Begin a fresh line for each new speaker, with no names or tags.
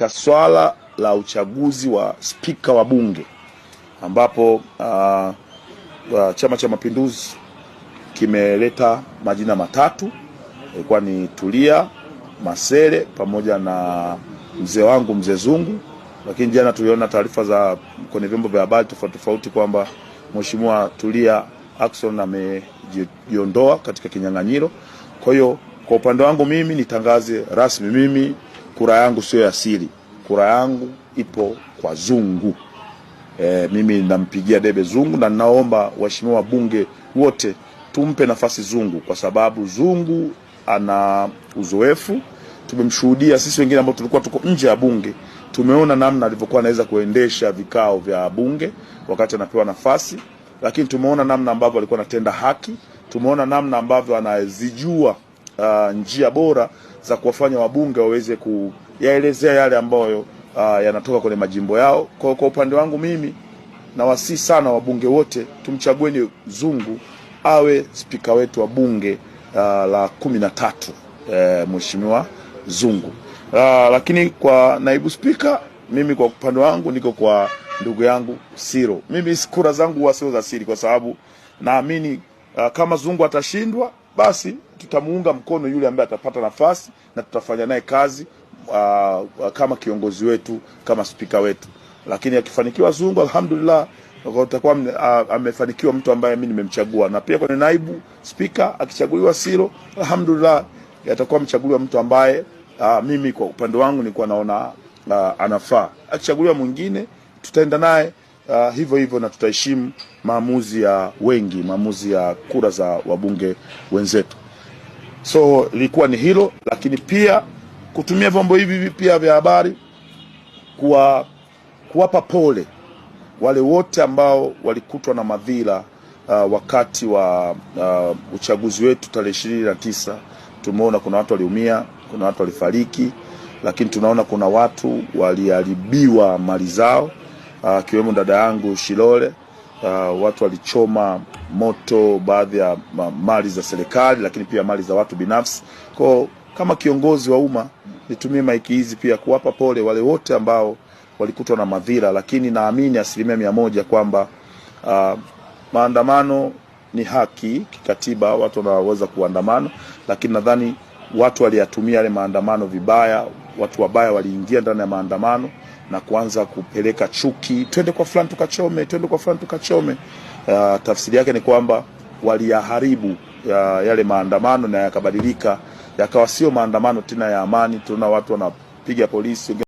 katika swala la uchaguzi wa spika wa bunge ambapo uh, Chama cha Mapinduzi kimeleta majina matatu, ilikuwa ni Tulia Masere pamoja na mzee wangu mzee Zungu, lakini jana tuliona taarifa za kwenye vyombo vya habari tofauti tofauti kwamba Mheshimiwa Tulia Ackson amejiondoa katika kinyang'anyiro. Kwa hiyo kwa upande wangu mimi nitangaze rasmi mimi kura yangu sio ya siri, kura yangu ipo kwa Zungu. E, mimi nampigia debe Zungu na ninaomba waheshimiwa wabunge wote tumpe nafasi Zungu kwa sababu Zungu ana uzoefu. Tumemshuhudia sisi wengine ambao tulikuwa tuko nje ya bunge, tumeona namna alivyokuwa anaweza kuendesha vikao vya bunge wakati anapewa nafasi, lakini tumeona namna ambavyo alikuwa anatenda haki, tumeona namna ambavyo anazijua uh, njia bora za kuwafanya wabunge waweze kuyaelezea yale ambayo uh, yanatoka kwenye majimbo yao. Kwa, kwa upande wangu mimi nawasihi sana wabunge wote tumchagueni Zungu awe spika wetu wa bunge uh, la kumi na tatu eh, mheshimiwa Zungu uh, lakini kwa naibu spika mimi kwa upande wangu niko kwa ndugu yangu Siro. Mimi kura zangu huwa sio za siri, kwa sababu naamini uh, kama Zungu atashindwa basi tutamuunga mkono yule ambaye atapata nafasi na tutafanya naye kazi uh, uh kama kiongozi wetu kama spika wetu. Lakini akifanikiwa Zungu, alhamdulillah utakuwa uh, amefanikiwa mtu ambaye mimi nimemchagua, na pia kwenye naibu spika akichaguliwa Silo, alhamdulillah atakuwa mchaguliwa mtu ambaye uh, mimi kwa upande wangu nilikuwa naona uh, anafaa. Akichaguliwa mwingine tutaenda naye uh, hivyo hivyo, na tutaheshimu maamuzi ya wengi, maamuzi ya kura za wabunge wenzetu. So ilikuwa ni hilo, lakini pia kutumia vyombo hivi pia vya habari kuwa kuwapa pole wale wote ambao walikutwa na madhila uh, wakati wa uh, uchaguzi wetu tarehe ishirini na tisa. Tumeona kuna watu waliumia, kuna watu walifariki, lakini tunaona kuna watu waliharibiwa mali zao akiwemo uh, dada yangu Shilole uh, watu walichoma moto baadhi ya mali za serikali, lakini pia mali za watu binafsi. Kwa kama kiongozi wa umma nitumie maiki hizi pia kuwapa pole wale wote ambao walikutwa na madhira, lakini naamini asilimia mia moja kwamba uh, maandamano ni haki kikatiba, watu wanaweza kuandamana, lakini nadhani watu waliyatumia yale maandamano vibaya, watu wabaya waliingia ndani ya maandamano na kuanza kupeleka chuki, twende kwa fulani tukachome, twende kwa fulani tukachome. Uh, tafsiri yake ni kwamba waliyaharibu ya ah, yale maandamano na yakabadilika yakawa sio maandamano tena ya amani. Tunaona watu wanapiga polisi.